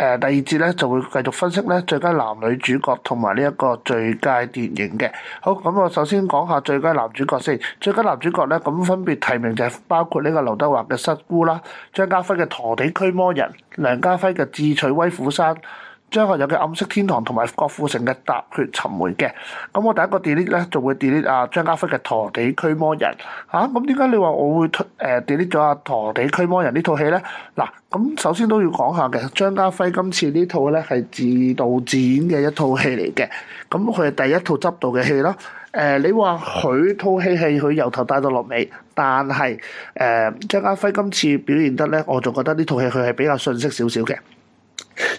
誒，第二節咧就會繼續分析咧最佳男女主角同埋呢一個最佳電影嘅。好，咁我首先講下最佳男主角先。最佳男主角咧，咁分別提名就係包括呢個劉德華嘅《失孤》啦、張家輝嘅《陀地驅魔人》、梁家輝嘅《智取威虎山》。張學友嘅《暗色天堂》同埋郭富城嘅《踏血尋梅》嘅，咁我第一個 delete 咧，就會 delete 啊張家輝嘅《陀地驅魔人》啊，咁點解你話我會 delete 咗《啊陀地驅魔人》呢套戲咧？嗱，咁首先都要講下嘅，張家輝今次呢套咧係自導自演嘅一套戲嚟嘅，咁佢係第一套執導嘅戲咯。誒、呃，你話佢套戲戲佢由頭帶到落尾，但係誒、呃、張家輝今次表現得咧，我就覺得呢套戲佢係比較遜色少少嘅。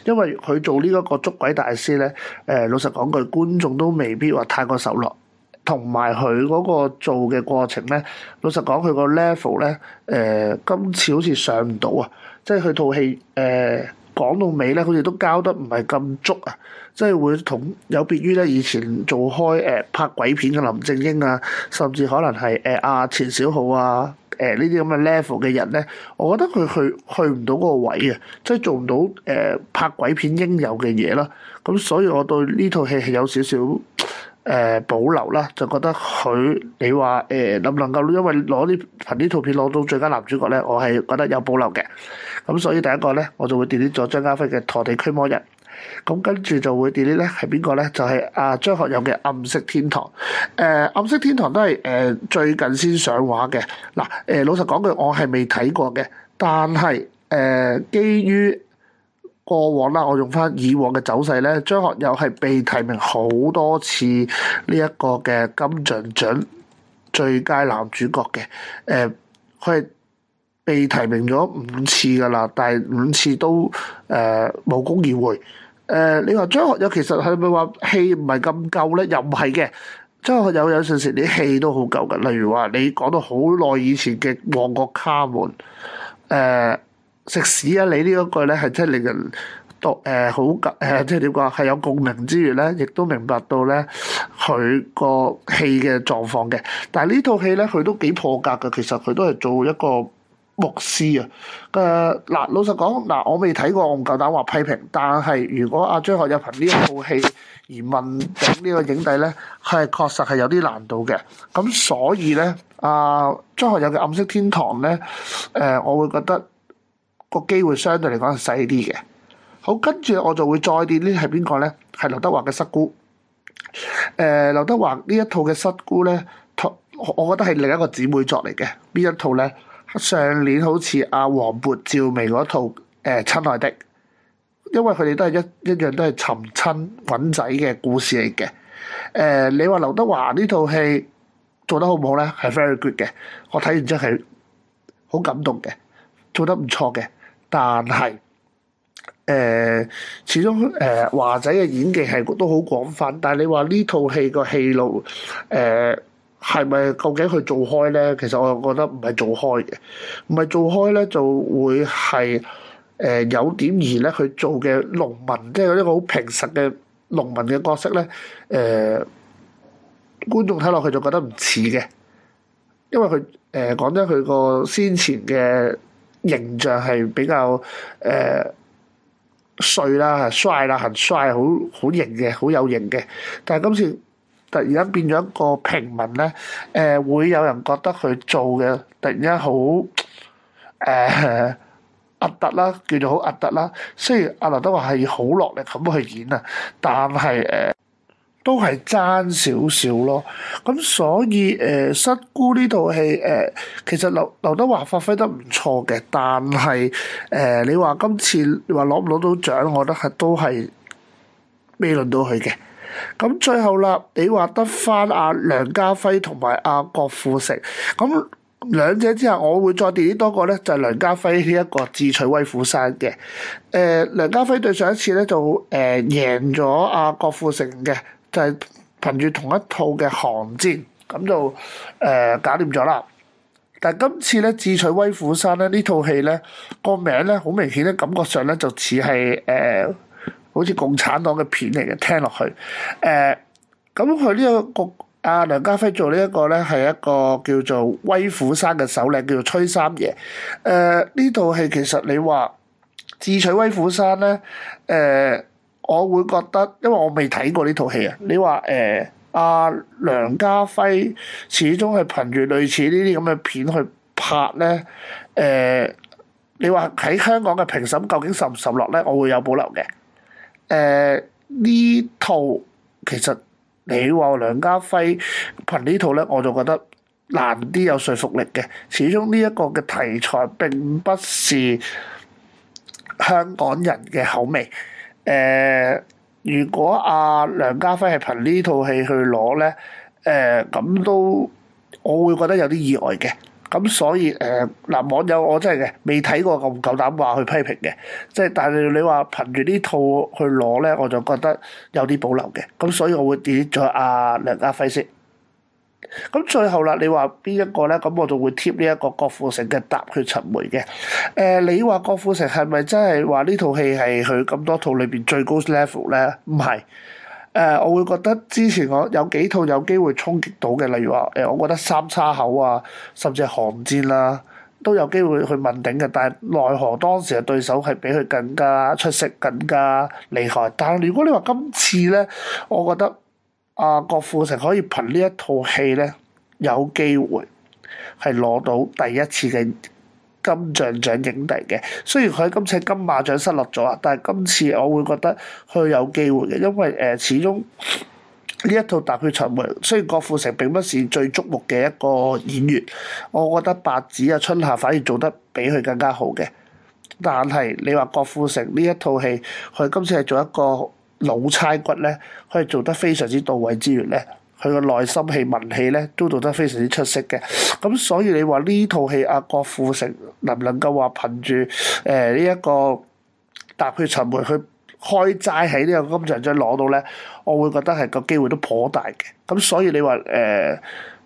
因為佢做呢一個捉鬼大師咧，誒、呃、老實講句，觀眾都未必話太過受落，同埋佢嗰個做嘅過程咧，老實講佢個 level 咧，誒、呃、今次好似上唔到啊，即係佢套戲誒講到尾咧，好似都交得唔係咁足啊，即係會同有別於咧以前做開誒、呃、拍鬼片嘅林正英啊，甚至可能係誒阿錢小豪啊。誒、呃、呢啲咁嘅 level 嘅人咧，我覺得佢去去唔到嗰個位啊，即係做唔到誒拍鬼片應有嘅嘢啦。咁、嗯、所以我對呢套戲係有少少誒、呃、保留啦，就覺得佢你話誒、呃、能唔能夠因為攞呢憑呢套片攞到最佳男主角咧，我係覺得有保留嘅。咁、嗯、所以第一個咧，我就會點啲咗張家輝嘅《陀地驅魔人》。咁跟住就會點咧？係邊個咧？就係、是、阿張學友嘅、呃《暗色天堂》呃。誒，《暗色天堂》都係誒最近先上畫嘅。嗱、呃，誒老實講句，我係未睇過嘅。但係誒、呃，基於過往啦，我用返以往嘅走勢咧，張學友係被提名好多次呢一個嘅金像獎最佳男主角嘅。誒、呃，佢係被提名咗五次㗎喇，但係五次都誒冇、呃、功而回。誒、呃，你話張學友其實係咪話戲唔係咁夠咧？又唔係嘅，張學友有陣時啲戲都好夠嘅。例如話你講到好耐以前嘅《旺角卡門》，誒、呃、食屎啊！你呢一句咧係真係令人多誒、呃、好誒，即係點講？係有共鳴之餘咧，亦都明白到咧佢個戲嘅狀況嘅。但係呢套戲咧，佢都幾破格嘅。其實佢都係做一個牧師啊，誒嗱，老實講嗱，我未睇過，我唔夠膽話批評。但係如果阿張學友憑呢一套戲而問鼎呢個影帝咧，係確實係有啲難度嘅。咁所以咧，阿張學友嘅《暗色天堂》咧，誒，我會覺得個機會相對嚟講係細啲嘅。好，跟住我就會再跌呢，係邊個咧？係劉德華嘅《失孤》，誒，劉德華呢一套嘅《失孤》咧，我我覺得係另一個姊妹作嚟嘅，邊一套咧？上年好似阿黃渤、趙薇嗰套《誒、呃、親愛的》，因為佢哋都係一一樣都係尋親揾仔嘅故事嚟嘅。誒、呃，你話劉德華呢套戲做得好唔好咧？係 very good 嘅，我睇完之後係好感動嘅，做得唔錯嘅。但係誒、呃，始終誒、呃、華仔嘅演技係都好廣泛，但係你話呢套戲個戲路誒？呃係咪究竟佢做開咧？其實我又覺得唔係做開嘅，唔係做開咧就會係誒有點而咧，佢做嘅農民，即係一個好平實嘅農民嘅角色咧。誒，觀眾睇落去就覺得唔似嘅，因為佢誒講真，佢個先前嘅形象係比較誒帥啦、帥啦、係帥，好好型嘅，好有型嘅。但係今次。突然間變咗一個平民咧，誒會有人覺得佢做嘅突然間好誒壓特啦，叫做好壓特啦。雖然阿劉德華係好落力咁去演啊，但係誒都係爭少少咯。咁所以誒《失孤》呢套戲誒，其實劉劉德華發揮得唔錯嘅，但係誒你話今次你話攞唔攞到獎，我覺得係都係。未輪到佢嘅，咁最後啦，你話得返阿梁家輝同埋阿郭富城，咁兩者之下，我會再點啲多個咧，就係、是、梁家輝呢一個《智取威虎山》嘅。誒，梁家輝對上一次咧就誒、呃、贏咗阿郭富城嘅，就係、是、憑住同一套嘅《寒戰》，咁就誒搞掂咗啦。但今次咧《智取威虎山》咧呢套戲咧，個名咧好明顯咧，感覺上咧就似係誒。呃好似共產黨嘅片嚟嘅，聽落去誒咁佢呢一個阿、啊、梁家輝做呢一個咧，係一個叫做威虎山嘅首領，叫做崔三爺。誒呢套戲其實你話智取威虎山咧，誒、呃、我會覺得，因為我未睇過呢套戲啊。你話誒阿梁家輝始終係憑住類似呢啲咁嘅片去拍咧，誒、呃、你話喺香港嘅評審究竟受唔受落咧？我會有保留嘅。誒呢、呃、套其實你話梁家輝憑呢套咧，我就覺得難啲有說服力嘅。始終呢一個嘅題材並不是香港人嘅口味。誒、呃，如果阿、啊、梁家輝係憑呢套戲去攞咧，誒、呃、咁都我會覺得有啲意外嘅。咁所以誒嗱、呃啊、網友我真嘅未睇過，唔夠膽話去批評嘅，即、就、係、是、但係你話憑住呢套去攞咧，我就覺得有啲保留嘅。咁所以我會點咗阿梁家輝先。咁最後啦，你話邊一個咧？咁我就會貼呢一個郭富城嘅《踏血尋梅》嘅。誒，你話郭富城係咪真係話呢套戲係佢咁多套裏邊最高 level 咧？唔係。誒、呃，我會覺得之前我有幾套有機會衝擊到嘅，例如話誒、呃，我覺得三叉口啊，甚至係寒戰啊，都有機會去問鼎嘅。但係奈何當時嘅對手係比佢更加出色、更加厲害。但係如果你話今次咧，我覺得阿、啊、郭富城可以憑呢一套戲咧，有機會係攞到第一次嘅金像獎影帝嘅，雖然佢今次金馬獎失落咗啊，但係今次我會覺得佢有機會嘅，因為誒、呃、始終呢一套《踏血尋梅》，雖然郭富城並不是最矚目嘅一個演員，我覺得白只啊、春夏反而做得比佢更加好嘅。但係你話郭富城呢一套戲，佢今次係做一個老差骨咧，佢係做得非常之到位之餘咧。佢個內心戲、文戲咧，都做得非常之出色嘅。咁所以你話呢套戲阿郭富城能唔能夠話憑住誒呢一個踏血尋梅去開齋喺呢個金像獎攞到咧？我會覺得係個機會都頗大嘅。咁所以你話誒、呃、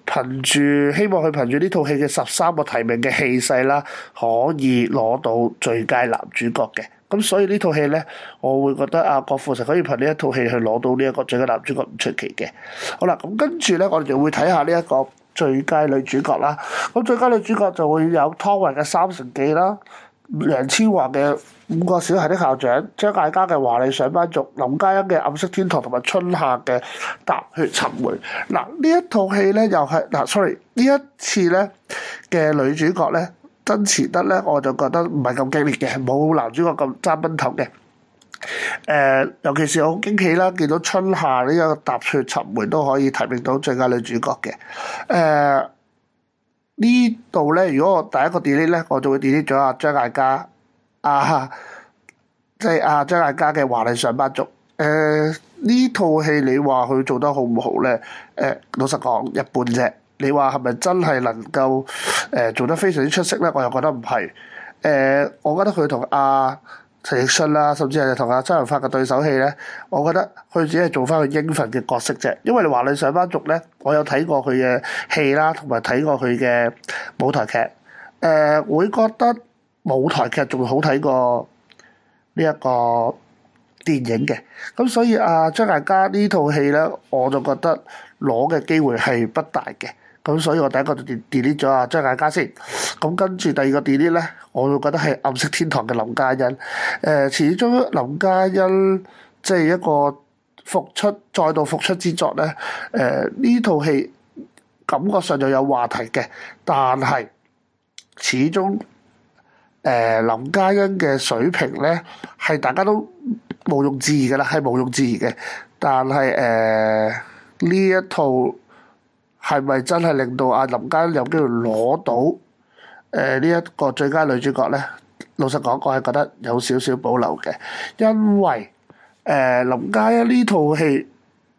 憑住希望佢憑住呢套戲嘅十三個提名嘅氣勢啦，可以攞到最佳男主角嘅。咁所以呢套戲咧，我會覺得阿、啊、郭富城可以憑呢一套戲去攞到呢一個最佳男主角唔出奇嘅。好啦，咁跟住咧，我哋就會睇下呢一個最佳女主角啦。咁最佳女主角就會有湯唯嘅《三城記》啦，楊千嬅嘅《五個小孩的校長》，張艾嘉嘅《華麗上班族》，林嘉欣嘅《暗色天堂》同埋春夏嘅《踏血尋梅》。嗱，呢一套戲咧又係嗱，sorry，呢一次咧嘅女主角咧。真持得咧，我就覺得唔係咁激烈嘅，冇男主角咁爭奔頭嘅。誒、呃，尤其是我好驚喜啦，見到春夏呢個踏雪尋梅都可以提名到最佳女主角嘅。誒、呃，呢度咧，如果我第一個 delete 咧，我就會 delete 咗阿張艾嘉啊，即係阿張艾嘉嘅華麗上班族。誒、呃，呢套戲你話佢做得好唔好咧？誒、呃，老實講，一般啫。你話係咪真係能夠誒、呃、做得非常之出色咧？我又覺得唔係。誒、呃，我覺得佢同阿陳奕迅啦、啊，甚至係同阿周潤發嘅對手戲咧，我覺得佢只係做翻個應份嘅角色啫。因為華麗上班族咧，我有睇過佢嘅戲啦，同埋睇過佢嘅舞台劇，誒、呃、會覺得舞台劇仲好睇過呢一個電影嘅。咁所以阿、啊、張艾嘉呢套戲咧，我就覺得攞嘅機會係不大嘅。咁所以我第一個就 delete 咗啊張艾嘉先，咁跟住第二個 delete 咧，我就覺得係暗色天堂嘅林嘉欣。誒、呃，始終林嘉欣即係一個復出再度復出之作咧。誒、呃，呢套戲感覺上就有話題嘅，但係始終誒、呃、林嘉欣嘅水平咧係大家都毋庸置疑噶啦，係毋庸置疑嘅。但係誒呢一套。係咪真係令到阿林嘉欣有機會攞到誒呢、呃、一個最佳女主角咧？老實講，我係覺得有少少保留嘅，因為誒、呃、林嘉欣呢套戲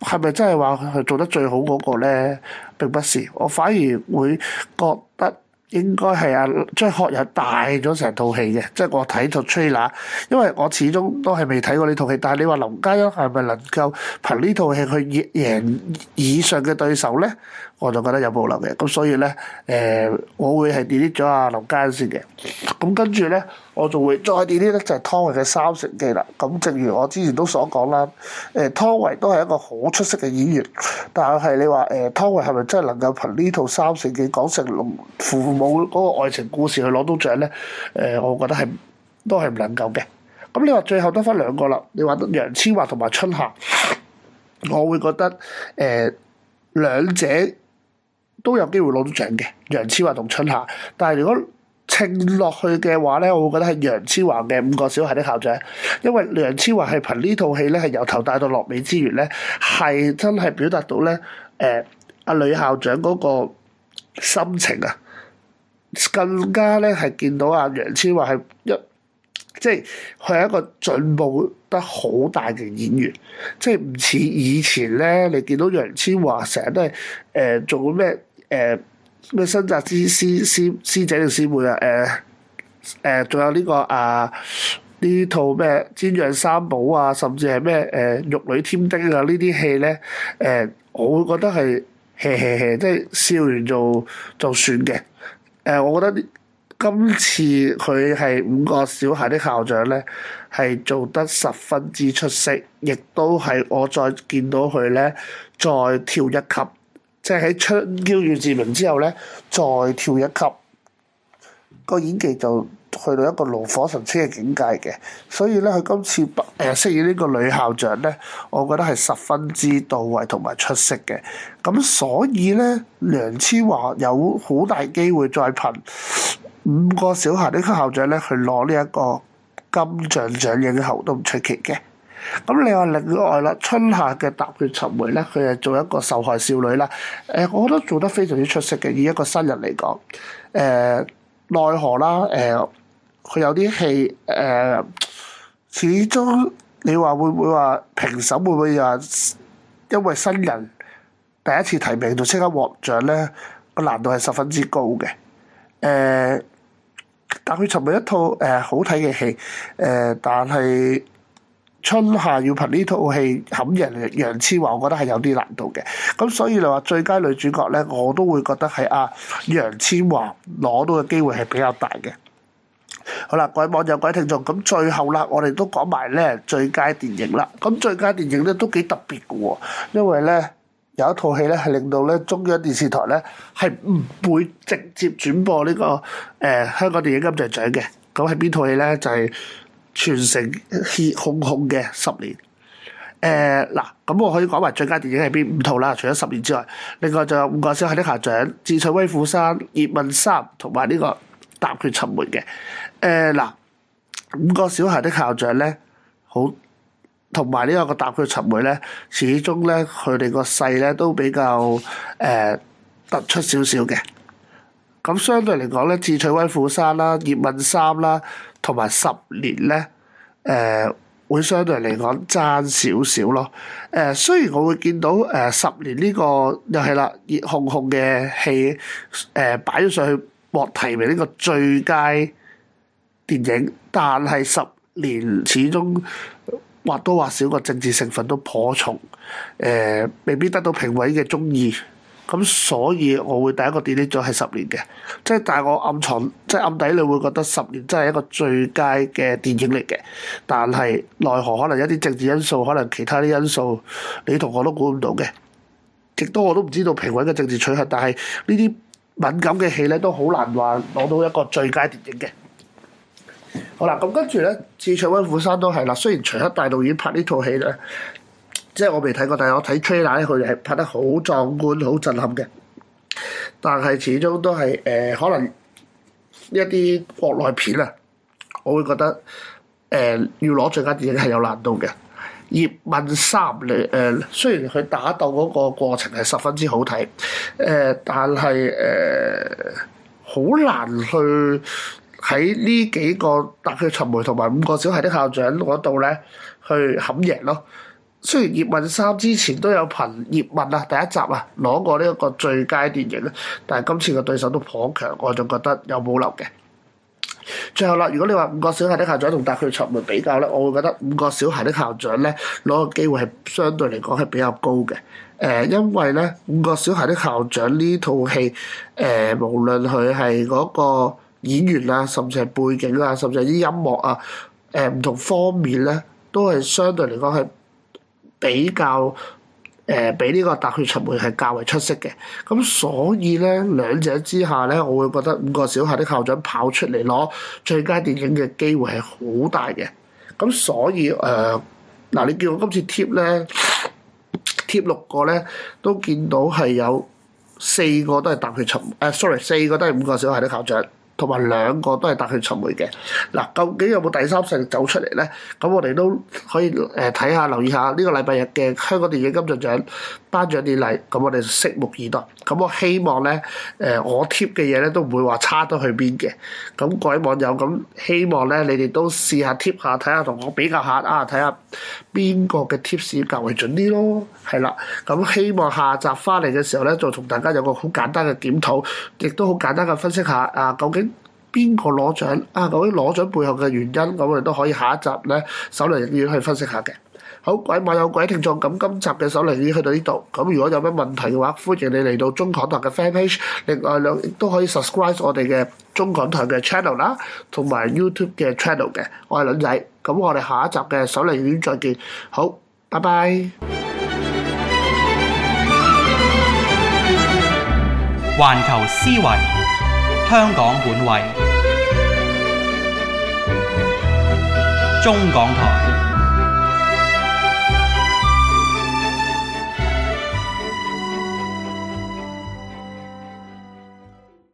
係咪真係話佢做得最好嗰個咧？並不是，我反而會覺得。應該係啊，張學友大咗成套戲嘅，即係我睇套 trailer 因為我始終都係未睇過呢套戲。但係你話林嘉欣係咪能夠憑呢套戲去贏以上嘅對手咧？我就覺得有保留嘅。咁所以咧，誒、呃，我會係 delete 咗阿林嘉欣先嘅。咁跟住咧。我仲會再呢啲咧，就係湯唯嘅《三城記》啦。咁正如我之前都所講啦，誒、欸、湯唯都係一個好出色嘅演員，但係你話誒、欸、湯唯係咪真係能夠憑呢套《三城記》講成龍父母嗰個愛情故事去攞到獎咧？誒、欸，我覺得係都係唔能夠嘅。咁你話最後得返兩個啦，你話得楊千嬅同埋春夏，我會覺得誒、欸、兩者都有機會攞到獎嘅，楊千嬅同春夏。但係如果稱落去嘅話咧，我會覺得係楊千嬅嘅《五個小孩的校長》，因為楊千嬅係憑呢套戲咧，係由頭帶到落尾之餘咧、呃，係真係表達到咧，誒阿呂校長嗰個心情啊，更加咧係見到阿、啊、楊千嬅係一，即係佢係一個進步得好大嘅演員，即係唔似以前咧，你見到楊千嬅成日都係誒、呃、做咩誒。呃咩新紮之師師師姐定師妹啊？誒誒，仲有呢個啊？呢套咩《煎釀三寶》啊，甚至係咩誒《玉女添丁》啊？呢啲戲咧，誒、呃、我會覺得係嘿嘿嘿即係笑完就就算嘅。誒、呃、我覺得今次佢係五個小孩的校長咧，係做得十分之出色，亦都係我再見到佢咧，再跳一級。即係喺出《春嬌與志明》之後咧，再跳一級，個演技就去到一個爐火純青嘅境界嘅。所以咧，佢今次北誒、呃、飾演呢個女校長咧，我覺得係十分之到位同埋出色嘅。咁所以咧，楊千嬅有好大機會再憑《五個小孩》呢個校長咧，去攞呢一個金像獎影后都唔出奇嘅。咁你話另外啦，春夏嘅《踏血尋梅》咧，佢係做一個受害少女啦。誒，我覺得做得非常之出色嘅，以一個新人嚟講。誒、呃，奈何啦，誒、呃，佢有啲戲誒、呃，始終你話會唔會話，評審會唔會話，因為新人第一次提名就即刻獲獎咧？個難度係十分之高嘅。誒、呃，《踏血尋梅》一套誒、呃、好睇嘅戲，誒、呃，但係。春夏要憑呢套戲冚贏楊千嬅，我覺得係有啲難度嘅。咁所以你話最佳女主角咧，我都會覺得係啊楊千嬅攞到嘅機會係比較大嘅。好啦，各位網友，各位聽眾，咁最後啦，我哋都講埋咧最佳電影啦。咁最佳電影咧都幾特別嘅喎、哦，因為咧有一套戲咧係令到咧中央電視台咧係唔會直接轉播呢、這個誒、呃、香港電影金像獎嘅。咁係邊套戲咧？就係、是，全城熱烘烘嘅十年，誒、呃、嗱，咁我可以講埋最佳電影係邊五套啦？除咗十年之外，另外就有《五個小孩的校長》、《智取威虎山》、《葉問三》同埋呢個《踏雪尋梅》嘅，誒嗱，《五個小孩的校長》咧好，同埋呢一個《踏雪尋梅》咧，始終咧佢哋個勢咧都比較誒突出少少嘅。咁相對嚟講咧，《智取威虎山》啦，《葉問三》啦。同埋十年咧，誒、呃、會相對嚟講爭少少咯。誒、呃、雖然我會見到誒、呃、十年呢、呢個又係啦熱烘烘嘅戲誒、呃、擺咗上去獲提名呢個最佳電影，但係十年始終或多或少個政治成分都頗重，誒、呃、未必得到評委嘅中意。咁所以我會第一個 delete 咗係十年嘅，即係但係我暗藏，即係暗底你會覺得十年真係一個最佳嘅電影嚟嘅。但係奈何可能一啲政治因素，可能其他啲因素，你同我都估唔到嘅。極多我都唔知道評委嘅政治取向，但係呢啲敏感嘅戲咧都好難話攞到一個最佳電影嘅。好啦，咁跟住咧，智取威虎山都係啦。雖然徐克大導演拍呢套戲咧，即係我未睇過，但係我睇《吹奶》咧，佢係拍得好壯觀、好震撼嘅。但係始終都係誒、呃，可能一啲國內片啊，我會覺得誒、呃、要攞最佳電影係有難度嘅。葉問三咧誒、呃，雖然佢打鬥嗰個過程係十分之好睇，誒、呃，但係誒好難去喺呢幾個《特氣沉黴》同埋《五個小孩的校長呢》嗰度咧去冚贏咯。雖然葉問三之前都有憑葉問啊第一集啊攞過呢一個最佳電影咧，但係今次嘅對手都頗強，我仲覺得有保留嘅。最後啦，如果你話《五個小孩的校長》同《大佢出門》比較咧，我會覺得《五個小孩的校長》咧攞個機會係相對嚟講係比較高嘅。誒，因為咧《五個小孩的校長》呢套戲，誒無論佢係嗰個演員啦，甚至係背景啦，甚至係啲音樂啊，誒唔同方面咧，都係相對嚟講係。比較誒、呃、比呢個《踏血尋梅》係較為出色嘅，咁所以咧兩者之下咧，我會覺得《五個小孩的校長》跑出嚟攞最佳電影嘅機會係好大嘅，咁所以誒嗱、呃、你見我今次貼咧貼六個咧都見到係有四個都係《踏血尋》誒，sorry 四個都係《五個小孩的校長》。同埋兩個都係踏血尋梅嘅，嗱，究竟有冇第三勢力走出嚟咧？咁我哋都可以誒睇、呃、下、留意下呢、呢個禮拜日嘅香港電影金像獎。差咗啲例，咁我哋拭目以待。咁我希望咧，誒、呃、我貼嘅嘢咧都唔會話差到去邊嘅。咁各位網友，咁希望咧，你哋都試下貼下睇下，同我比較下啊，睇下邊個嘅貼士較為準啲咯。係啦，咁希望下集翻嚟嘅時候咧，就同大家有個好簡單嘅檢討，亦都好簡單嘅分析下啊，究竟邊個攞獎啊？究竟攞獎背後嘅原因，咁我哋都可以下一集咧首倫映院去分析下嘅。各位網友各位聽眾，咁今集嘅首倫映院去到呢度，咁如果有乜問題嘅話，歡迎你嚟到中港台嘅 fan page，另外兩亦都可以 subscribe 我哋嘅中港台嘅 channel 啦，同埋 YouTube 嘅 channel 嘅，我係倫仔，咁我哋下一集嘅首倫映院再見。好，拜拜。環球思維，香港本位，中港台。